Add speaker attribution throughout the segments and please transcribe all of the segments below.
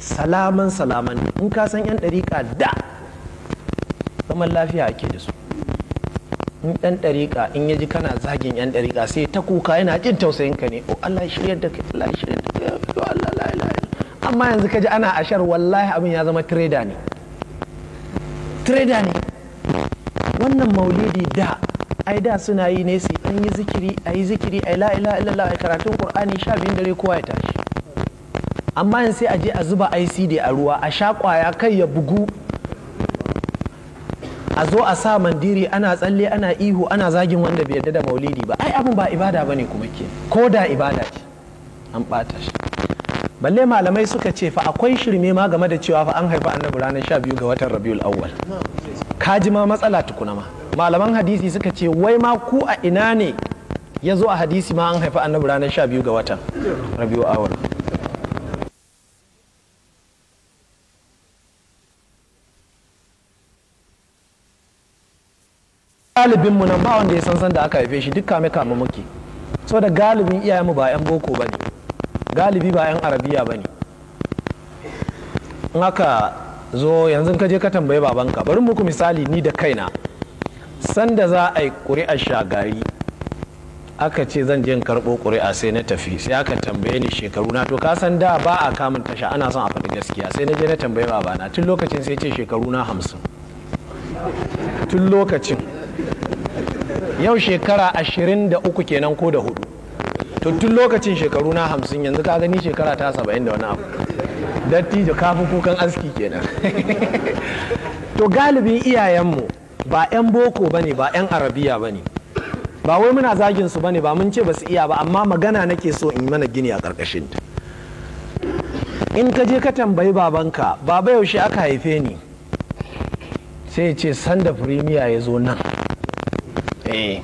Speaker 1: salaman salaman in ka san yan ɗariƙa da zaman lafiya ake da su in ɗan ɗariƙa in ya ji kana zagin yan ɗariƙa sai ta kuka yana jin tausayin ka ne o oh, Allah shirya da kai Allah shirya da kai to Allah la ilaha amma yanzu ka ji ana ashar wallahi abin ya zama trader ne trader ne wannan maulidi da ai da suna yi ne sai an yi zikiri ayi zikiri ayi la ilaha illallah karatun qur'ani sha biyun dare kowa ya tashi amma yin sai a je a zuba icd a ruwa a sha kwaya kai ya bugu a zo a sa mandiri ana tsalle ana ihu ana zagin wanda bai yarda da maulidi ba ai abin ba ibada ba ne kuma ke ko da ibada ce an bata shi balle malamai suka ce fa akwai shirme ma game da cewa fa an haifa annabi ranar 12 ga watan rabiul awwal kaji ma matsala tukuna ma malaman hadisi suka ce wai ma ku a ina ne ya zo a hadisi ma an haifa annabi ranar 12 ga watan rabiul awwal galibin mu nan ba wanda ya san san da aka haife shi duk kame kame muke da galibin iyayen mu ba yan boko bane galibi ba yan arabiya bane in aka zo yanzu ka je ka tambayi babanka bari muku misali ni da kaina sanda za a yi ƙuri'ar shagari aka ce zan je karɓo ƙuri'a sai na tafi sai aka tambaye ni shekaru na to kasan da ba a kamun tasha ana son a faɗi gaskiya sai na je na tambaye babana tun lokacin sai ce shekaru na hamsin tun lokacin yau shekara ashirin da uku kenan ko da hudu tuntun tun lokacin shekaru na hamsin yanzu ka gani shekara ta saba'in da wani abu dattijo kafin kukan aski kenan to galibin iyayenmu ba 'yan boko ba ne ba 'yan arabiya ba ne ba wai muna zagin su ne, ba mun ce ba su iya ba amma magana nake so in mana gini a karkashin ta in ka je ka tambayi babanka baba yaushe aka haife ni sai ya ce sanda firimiya ya zo nan eh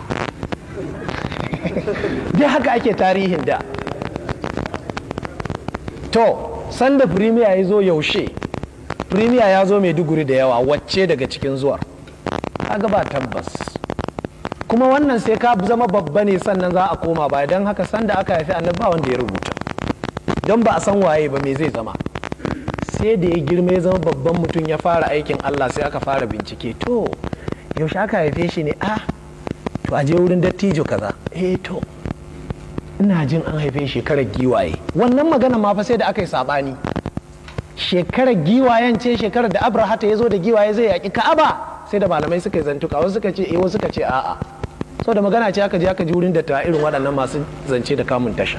Speaker 1: dai haka ake tarihin da to sanda firimiya ya zo yaushe firimiya ya zo mai duguri da yawa wacce daga cikin zuwar kaga ba tabbas kuma wannan sai ka zama babba ne sannan za a koma ba. don haka sanda aka haifi annabi ba wanda ya rubuta don ba a san waye ba me zai zama sai da ya girma ya zama babban mutum ya fara aikin Allah sai aka fara bincike to yaushe aka haife shi ne ah to a je wurin dattijo kaza eh to ina jin an haife shekarar giwaye wannan magana ma fa sai da aka yi sabani shekarar giwayen ce shekarar da abrahata ya zo da giwaye zai yaƙi ka'aba sai da malamai suka yi zantuka wasu suka ce eh wasu suka ce a'a so da magana ce aka je aka ji wurin da ta irin waɗannan masu zance da kamun tasha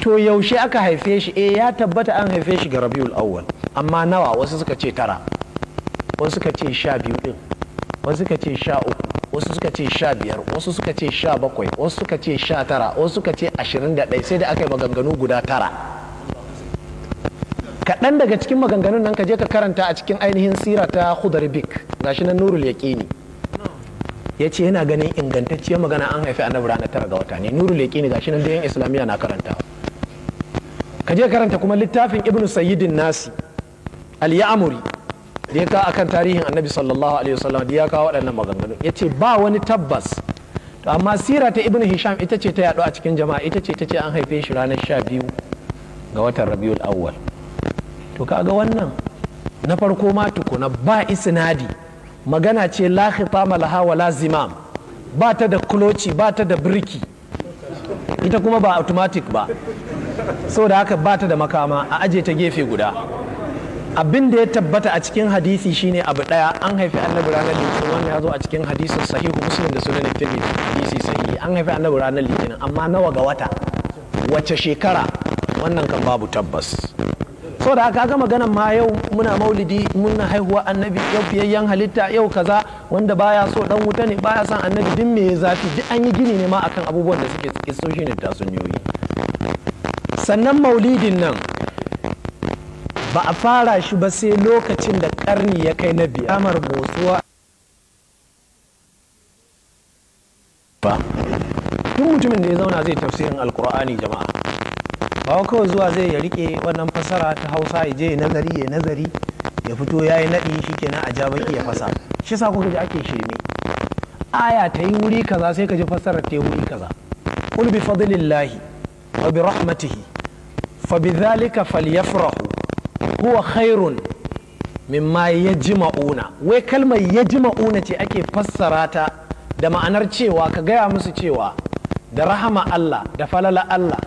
Speaker 1: to yaushe aka haife shi eh ya tabbata an haife shi ga rabiul awwal amma nawa wasu suka ce tara wasu suka ce sha biyu din wasu suka ce sha uku wasu suka ce sha biyar wasu suka ce sha bakwai wasu suka ce sha tara wasu suka ce ashirin da ɗaya sai da aka yi maganganu guda tara kaɗan daga cikin maganganun nan ka je ka karanta a cikin ainihin sira ta hudar bik gashi nan nurul yaƙini ya ce yana ganin ingantacciyar magana an haifi annabi ranar tara ga wata ne nurul ga gashi nan dayan islamiyya na karanta? ka je karanta kuma littafin ibnu sayyidin nasi al-ya'muri da ya kawo akan tarihin annabi sallallahu alaihi wasallam da ya kawo waɗannan maganganu ya ce ba wani tabbas to amma sira ta ibnu hisham ita ce ta yaɗu a cikin jama'a ita ce ta ce an haife shi ranar sha biyu ga watan rabiul awwal to kaga wannan na farko ma tukuna ba isnadi magana ce la khitama laha wa la zimam ba ta da kloci ba ta da birki ita kuma ba automatic ba saboda haka ba ta da makama a aje ta gefe guda abin da ya tabbata a cikin hadisi shine abu daya an haifi annabi ranar litinin wanda ya zo a cikin hadisin sahihu muslim da sunan tirmidhi hadisi sahihi an haifi annabi ranar litinin amma nawa ga wata wace shekara wannan kan babu tabbas so da haka ga maganan ma yau muna maulidi muna haihuwa annabi yau fiyayyen halitta yau kaza wanda baya so dan wuta ne baya son annabi din me zafi duk an yi gini ne ma akan abubuwan da suke cikin so shine tatsuniyoyi sannan maulidin nan ba a fara shi ba sai lokacin da karni ya kai na biyar kamar motsuwa ba duk mutumin da ya zauna zai tafsirin alkur'ani jama'a ba kawai zuwa zai ya rike wannan fasara ta hausa ya je nazari ya nazari ya fito ya yi naɗi shi kenan a ja ya fasa shi sa kuka ji ake shirme aya ta yi wuri kaza sai ka ji fasarar ta yi wuri kaza qul bi fadlillahi wa bi rahmatihi fa bi dhalika falyafrahu huwa khairun mimma yajma'una wai kalmar yajma'una ce ake fassara ta da ma'anar cewa ka gaya musu cewa da rahama Allah da falala Allah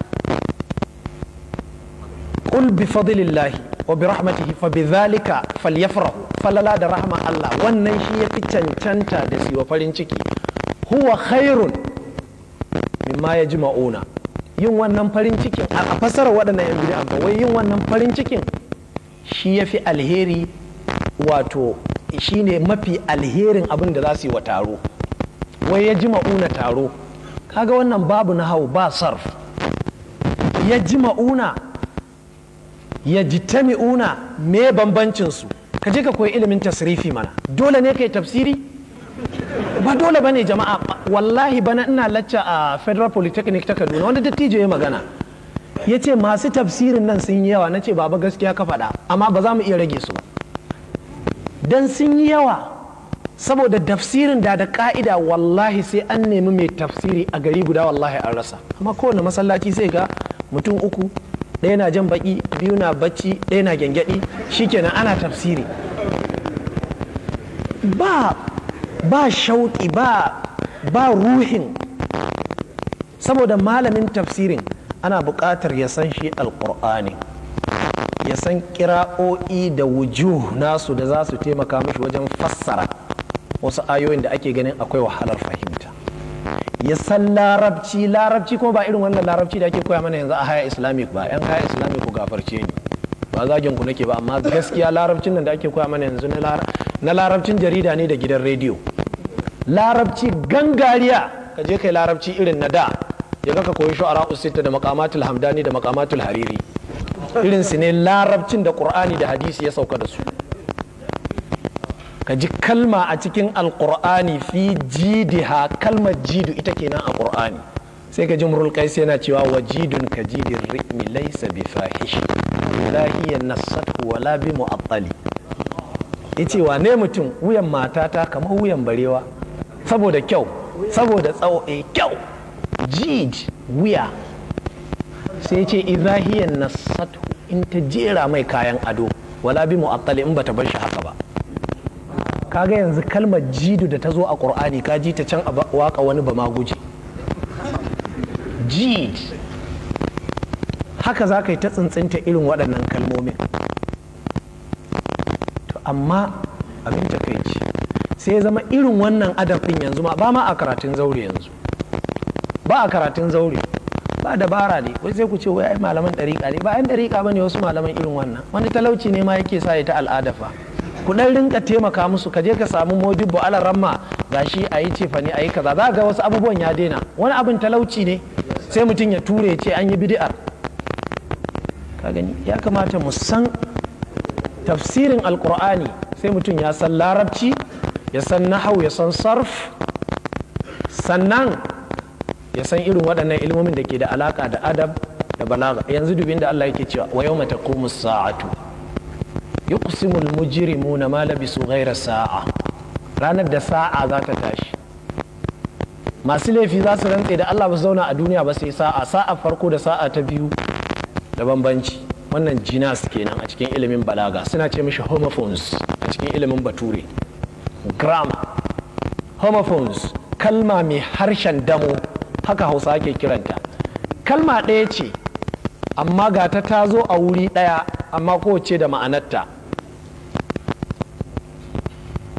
Speaker 1: kul bi fadlillahi wa bi rahmatihi fa bi dhalika falyafrahu falala da rahama Allah wannan shi yafi cancanta da siwa farin ciki huwa khairun mimma yajma'una yin wannan farin cikin a fasara waɗannan yan bid'a ba wai yin wannan farin cikin shi ya fi alheri wato shi ne mafi alherin abin da za su yi wa taro wai ya ji ma'una taro kaga wannan babu na hau ba sarf ya ji ma'una ya ji ta mi'una me bambancinsu ka je ka koyi ilimin tasrifi mana dole ne ka yi tafsiri ba dole ba ne jama'a wallahi bana ina lacca a federal polytechnic ta kaduna wanda dattijo ya magana ya ce masu tafsirin nan sun yi yawa na ce baba gaskiya ka faɗa amma ba za mu iya rage su don sun yi yawa saboda tafsirin da da ka'ida wallahi sai an nemi mai tafsiri a gari guda wallahi an rasa amma kowane masallaci sai ga mutum uku ɗaya na jan baki biyu na bacci ɗaya na gyangyaɗi shikenan ana tafsiri ba ba shauƙi ba ba ruhin saboda malamin tafsirin ana buƙatar ya san shi alƙur'ani ya san kira'o'i da wujuh nasu da za su taimaka mashi wajen fassara wasu ayoyin da ake ganin akwai wahalar fahimta ya san larabci larabci kuma ba irin wannan larabci da ake koya mana yanzu a haya islamic ba yan haya islamic ku gafarce ni ba zagin ku nake ba amma gaskiya larabcin nan da ake koya mana yanzu na larabcin jarida ne da gidan rediyo larabci gangariya ka je kai larabci irin na da ya ka koyi shu'ara usita da maqamatul hamdani da maqamatul hariri irin su ne larabcin da qur'ani da hadisi ya sauka da su ka ji kalma a cikin alqur'ani fi jidiha kalmar jidu ita kenan a qur'ani sai ka ji murul qais yana cewa wajidun ka jidin ri'mi laysa bi fahish la hiya nasatu wala bi mu'attali yace ne mutum wuyan matata kamar wuyan barewa saboda kyau saboda tsawo eh, kyau jid wuya sai ce izahiyan sato in ta jera mai kayan ado wala bi mu'attali in bata bar shi haka ba kaga yanzu kalmar jidu da ta zo a qur'ani ka ji ta can a waka wani ba ma jid haka za ka yi ta tsintsinta irin waɗannan kalmomin to amma abin takaici sai zama irin wannan adam ɗin yanzu ma ba ma a karatun zaure yanzu ba a karatun zaure ba dabara ne wai sai ku ce wai malaman dariƙa ne ba yan dariƙa bane wasu malaman irin wannan wani talauci ne ma yake sa ya ta al'ada fa ku ɗan rinka taimaka musu ka je ka samu bu ala ramma gashi ayi cefa ne ayi kaza za ga wasu abubuwan ya daina wani abin talauci ne sai mutum ya ture ce an yi bid'ar ka gani ya kamata mu san tafsirin alqur'ani sai mutum ya san larabci ya san nahau ya san sarf sannan ya san irin waɗannan ilmomin da ke da alaƙa da adab da balaga yanzu dubin da Allah yake cewa wa yawma taqumu sa'atu yuqsimu al-mujrimuna ma labisu ghayra sa'a ranar da sa'a za ta tashi masu laifi za su rantse da Allah ba zauna a duniya ba sai sa'a sa'a farko da sa'a ta biyu da bambanci wannan jinas kenan a cikin ilimin balaga suna ce mishi homophones a cikin ilimin bature gram homophones kalma mai harshen damo haka hausa ake kiranta kalma ɗaya ce amma ga ta ta zo a wuri ɗaya amma kowace da ma'anarta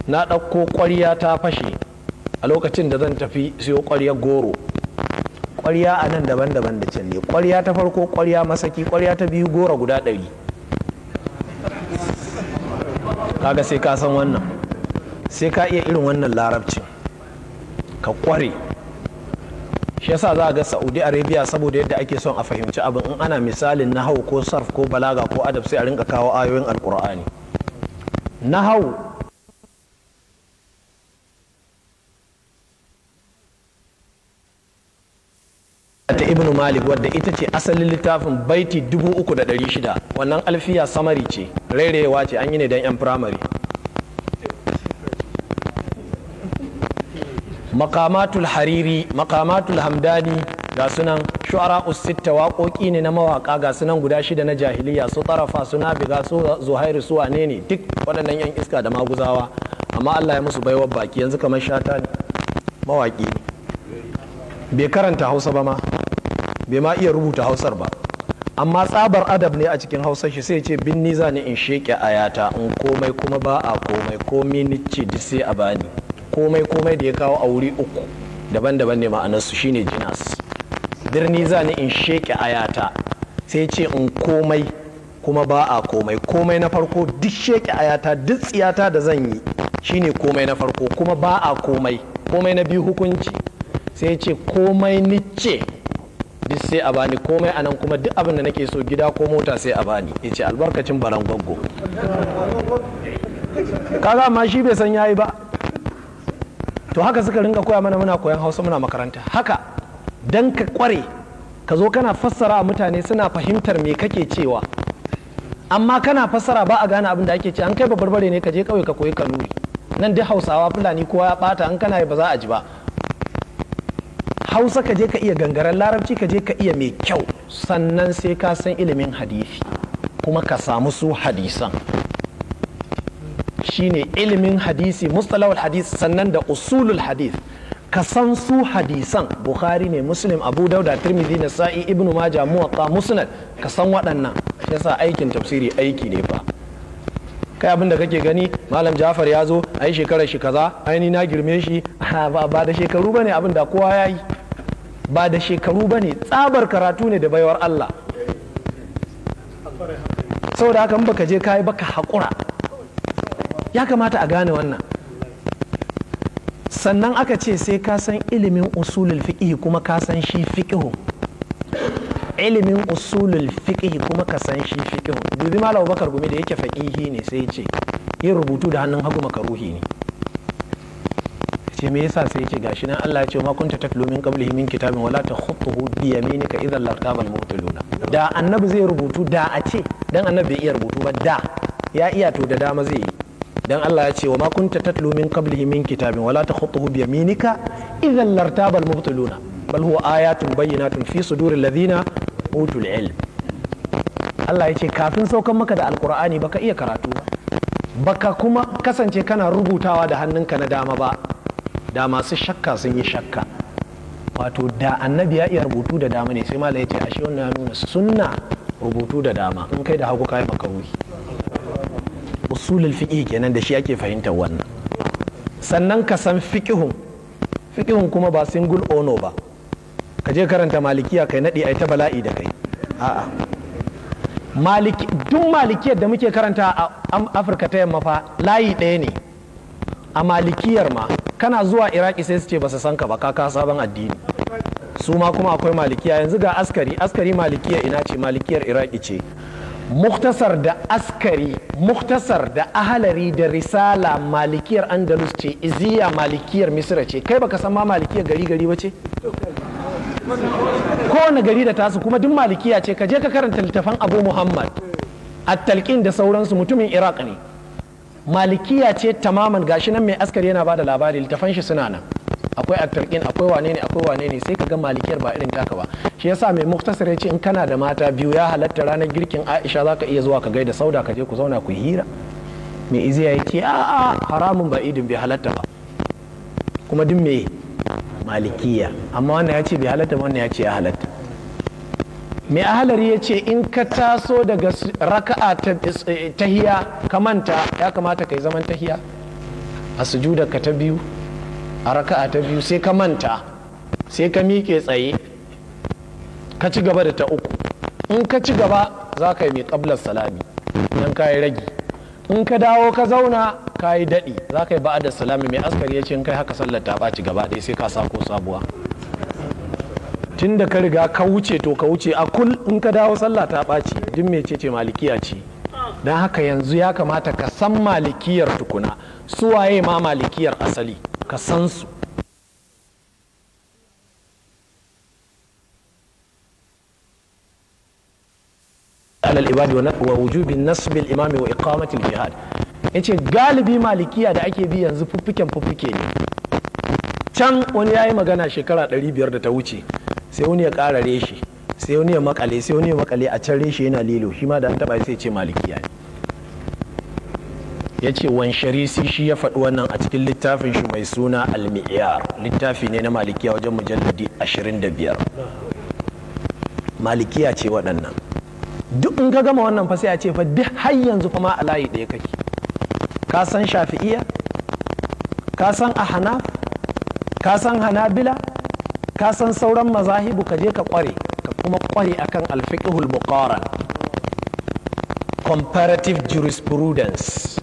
Speaker 1: na ɗauko ƙwarya ta fashe a lokacin da zan tafi siyo ƙwarya goro ƙwarya a nan daban-daban da can ne ƙwarya ta farko ƙwarya masaki ƙwarya ta biyu goro guda ɗari kaga sai ka san wannan sai ka iya irin wannan larabcin ka ƙware shi yasa za a ga saudi arabia saboda yadda ake son a fahimci abin in ana misalin nahau ko sarf ko balaga ko adab sai a rinka kawo ayoyin alkur'ani nahau ta ibnu malik wadda ita ce asalin littafin baiti 3600 wannan alfiya samari ce rairewa ce an yi ne don yan firamare makamatul hariri makamatul hamdani ga sunan shu'ara usitta waƙoƙi ne na mawaƙa ga sunan guda shida na jahiliya su tarafa su ga su zuhairu su wane ne duk waɗannan yan iska da maguzawa amma Allah ya musu baiwar baki yanzu kamar shata ne mawaƙi bai karanta hausa ba ma bai ma iya rubuta hausar ba amma tsabar adab ne a cikin hausar shi sai ce binni niza ne in sheƙe ayata in komai kuma ba a komai ko minici ce sai a bani komai komai da ya kawo a wuri uku daban-daban ne ma'anarsu shine jinas birni za ni in sheke ayata sai ce in komai kuma ba a komai komai na farko duk sheke ayata duk tsiyata da zan yi shine komai na farko kuma ba a komai komai na biyu hukunci sai ce komai nice duk sai a bani komai anan kuma duk abin da nake so gida ko mota sai a bani ya ce albarkacin baran gwaggo kaga ma shi bai san yayi ba to haka suka ringa koya mana muna koyan hausa muna makaranta haka dan ka kware ka zo kana fassara a mutane suna fahimtar me kake cewa amma kana fassara ba a gane abin da ake ce an kai barbare ne ka je kawai ka koyi kanuri nan duk hausawa fulani kowa ya bata an kana ba za a ji ba hausa ka je ka iya gangaren larabci ka je ka iya mai kyau sannan sai ka san ilimin hadisi kuma ka samu su hadisan shine ilimin hadisi mustalawar hadis sannan da usulul hadis ka san su hadisan bukhari ne muslim abu dauda tirmidhi sa'i ibnu maja muwatta musnad ka san waɗannan yasa aikin tafsiri aiki ne fa kai abin da kake gani malam jafar ya zo a yi shekarar shi kaza aini na girme shi ba da shekaru bane abin da kowa ya yi ba da shekaru bane tsabar karatu ne da baiwar Allah saboda haka in baka je kai baka haƙura ya kamata a gane wannan sannan aka ce sai ka san ilimin usulul fiqh kuma ka san shi fiqh ilimin usulul fiqh kuma ka san shi fiqh dubi malam bakar gumi da yake faqihi ne sai ya ce yin rubutu da hannun hagu makaruhi ne ce me yasa sai ce gashi nan Allah ya ce ma kunta tatlu min qablihi min kitabin wala takhutuhu bi yaminika idhan lartabal al-mubtiluna da annabi zai rubutu da a ce dan annabi bai iya rubutu ba da ya iya to da dama zai yi dan Allah ya ce wa ma kunta tatlu min qablihi min kitabin wala takhutuhu bi yaminika idhan lartabal mubtiluna bal huwa ayatun bayyinatun fi suduril ladina utul ilm Allah ya ce kafin saukan maka da alqur'ani baka iya karatu ba baka kuma kasance kana rubutawa da hannunka na dama ba da masu shakka sun yi shakka wato da annabi ya iya rubutu da dama ne sai malai ya ce ashe wannan nuna sunna rubutu da dama in kai da hagu kai makaruhi usulul fiqh kenan da shi ake fahimtar wannan sannan ka san fiƙihun. Fiƙihun kuma ba single ono ba ka je karanta malikiya kai nadi ai ta bala'i da kai a'a maliki duk malikiyar da muke karanta a Afirka ta yamma fa layi ɗaya ne a malikiyar ma kana zuwa iraki sai su ce ba su san ka ba ka sabon addini su ma kuma akwai malikiya yanzu ga askari askari malikiya ina ce malikiyar iraki ce muktasar da askari muktasar da ahalari da risala malikiyar andalus ce iziya malikiyar misira ce kai baka san ma malikiyar gari gari ba ce kowane gari da tasu kuma duk malikiya ce ka je ka karanta littafan abu muhammad a talqin da sauransu mutumin iraq ne malikiya ce tamaman gashi nan mai askari yana bada labari littafan shi suna nan akwai aktarkin akwai wane ne akwai wane ne sai ka ga malikiyar ba irin taka ba shi yasa mai muktasar ya ce in kana da mata biyu ya halatta ranar girkin aisha za ka iya zuwa ka gaida sauda ka je ku zauna ku hira mai iziya ya ce a'a haramun ba idin bai halatta ba kuma duk me malikiya amma wannan ya ce bai halatta wannan ya ce ya halatta mai ahalari ya ce in ka taso daga raka'a eh, tahiya ka manta ya kamata ka yi zaman tahiya a sujuda ka ta biyu a raka'a ta biyu sai ka manta sai ka miƙe tsaye ka ci gaba da ta uku in ka ci gaba za ka yi mai ƙablar salami don ka yi ragi in ka dawo ka zauna ka yi daɗi za ka yi ba'a da salami mai askari ya ce in kai haka sallar ta ɓaci gaba ɗaya sai ka sako sabuwa tun da ka riga ka wuce to ka wuce a kul in ka dawo sallah ta ɓaci duk mai ce malikiya ce don haka yanzu ya kamata ka san malikiyar tukuna su waye ma malikiyar asali ka san su على الإمام ووجوب wa الإمام وإقامة الجهاد yace galibi malikiya da ake bi yanzu fuffuken fuffuke ne can wani ya yi magana shekara 500 da ta wuce sai wani ya karare reshe sai wani ya makale sai wani ya makale a can reshe yana lilo shi ma da an taba sai ce malikiya ne ya ce wan sharisi shi ya faɗi wannan a cikin littafin shi mai suna almiyar littafi ne na malikiya wajen mujalladi 25 malikiya ce waɗannan duk in ka gama wannan fa sai a ce fa duk har yanzu fa ma a layi ɗaya kake ka san shafi'iya ka san ahana ka san hanabila ka san sauran mazahibu ka je ka kware ka kuma kware akan alfiqhul muqaran comparative jurisprudence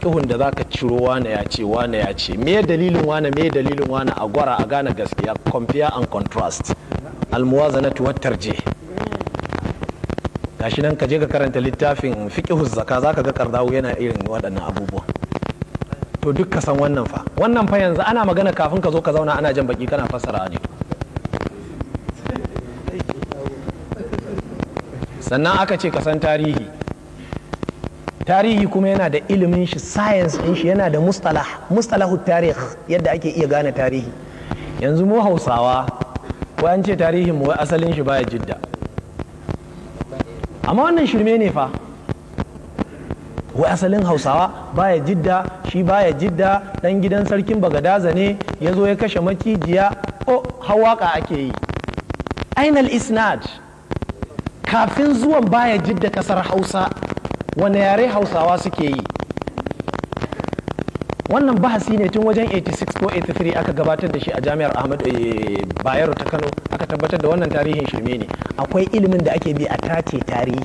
Speaker 1: fikihun da zaka ciro wane ya ce wane ya ce me dalilin wane me dalilin wane a gwara a gane gaskiya compare and contrast almuwazanatu wat tarjih gashi nan ka je ka karanta littafin fiqhu zaka zaka ga kardawu yana irin waɗannan abubuwa to duk ka san wannan fa wannan fa yanzu ana magana kafin ka zo ka zauna ana jan baki kana fassara ne sannan aka ce ka san tarihi tarihi kuma yana da ilimin shi science din shi yana da mustalah mustalahu tarih yadda ake iya gane tarihi yanzu mu hausawa ko an ce tarihin mu asalin shi baya jidda amma wannan shirme ne fa wai asalin hausawa baya jidda shi baya jidda dan gidan sarkin bagadaza ne ya zo ya kashe macijiya o hawaka ake yi ainal isnad kafin zuwan baya jidda kasar hausa wane yare hausawa suke yi wannan bahasi ne tun wajen 86 ko 83 aka gabatar da shi a jami'ar Ahmadu eh, bayero ta kano aka tabbatar da wannan tarihin shirme ne akwai ilimin da ake bi a tace tarihi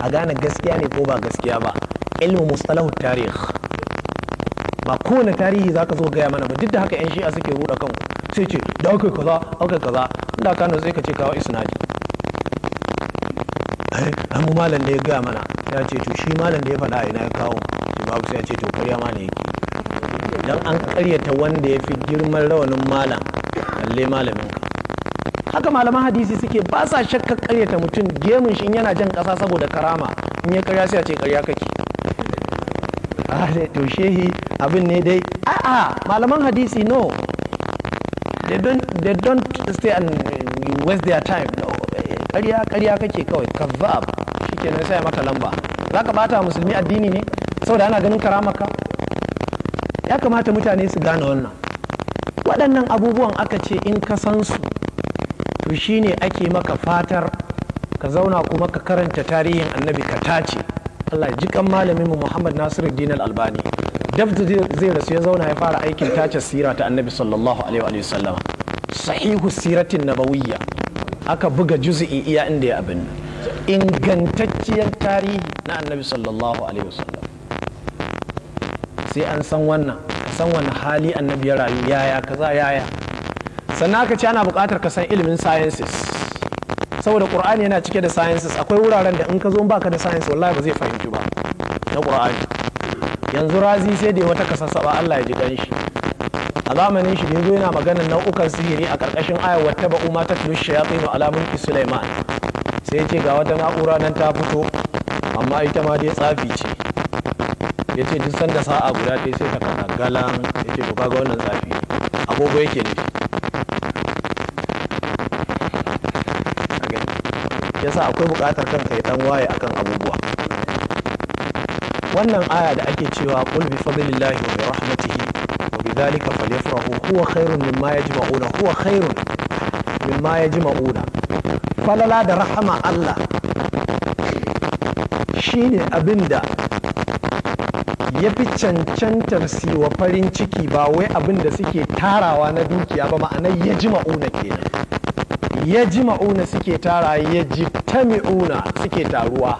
Speaker 1: a gane gaskiya ne ko ba gaskiya ba ilimin mustalahu tarih ba kowane tarihi za ka zo gaya mana ba duk da haka 'yan shi'a suke ruɗa kanku sai ce da aka kaza aka kaza da kano sai ka ce kawo isnadi eh, ai mu malam da ya gaya mana ya ce to shi malam da ya faɗa ina ya kawo shi babu sai ya ce to ƙarya ma ne dan an karyata wanda ya fi girman rawanin malam balle malamin haka malaman hadisi suke ba sa shakkar karyata mutum gemun shi yana jan kasa saboda karama in ya karya sai ya ce karya kake a ah, to shehi abin ne dai a'a malaman hadisi no they don't they don't stay and waste their time karya karya kake kawai kazzab shi kenan sai maka lamba za ka bata musulmi addini ne saboda ana ganin karamaka ya kamata mutane su gane wannan waɗannan abubuwan aka ce in ka san su to shine ake maka fatar ka zauna kuma ka karanta tarihin annabi ka tace Allah ya jikan malamin mu Muhammad Nasiruddin Al-Albani dab zai rasu ya zauna ya fara aikin tace sira ta annabi sallallahu alaihi wa sallama sahihu siratin nabawiyya aka buga juz'i iya inda ya abin ingantacciyar tarihi na annabi sallallahu alaihi wasallam sai an san wannan ka san wani hali annabi ya rayu yaya kaza yaya sannan aka ce ana buƙatar ka san ilimin sciences saboda qur'ani yana cike da sciences akwai wuraren da in ka zo baka da science wallahi ba zai fahimci ba na qur'ani yanzu razi sai da wata ba Allah ya ji dan shi a zamanin shi yanzu yana maganar nau'ukan sihiri a ƙarƙashin ayar wata ba'u ma ta tulu shayatin ala mulki Sulaiman sai ya ce ga wata na'ura nan ta fito amma ita ma dai tsafi ce ya ce duk sanda sa'a guda ɗaya sai ta kana galan ya ce to kaga wannan tsafi agogo yake Ya sa akwai buƙatar kanka ya dan waye akan abubuwa wannan aya da ake cewa kul bi fadlillahi wa bi rahmatihi wa bi dhalika falyafrahu huwa khairun mimma yajma'una huwa khairun mimma ya ji ma'una falala da rahama Allah shine abin da ya fi cancantar siwa farin ciki ba wai abin da suke tarawa na dukiya ba ma'ana ya ji ma'una kenan ya ji ma'una suke tara ya ji ta mi'una suke taruwa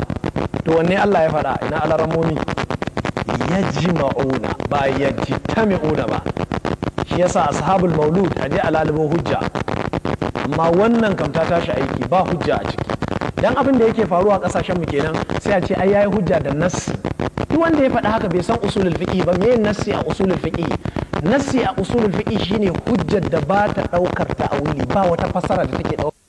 Speaker 1: to wanne Allah ya fada ina alaramomi ya ji ma'una ba ya ji ta mi'una ba shi yasa ashabul maulud hadi a hujja amma wannan kam ta tashi aiki ba hujja a ciki dan abin da yake faruwa kasashen mu kenan sai a ce ai yayi hujja da nassi duk wanda ya faɗi haka bai san usulul fiqi ba me nassi a usulul fiqi nassi a usulul fiqi shine hujjar da ba ta daukar ta'awili ba wata fasara da take daukar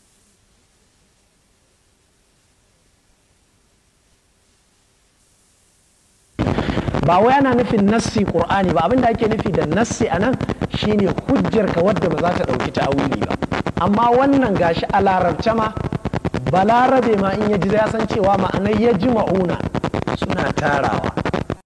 Speaker 1: ba wai ana nufin nassi qur'ani ba abinda ake nufi da nassi anan shine hujjar ka wadda ba za ta dauki ta'awili ba amma wannan gashi a larabce ma balarabe ma in ya ji ya san cewa ma'anai ya ji ma'una suna tarawa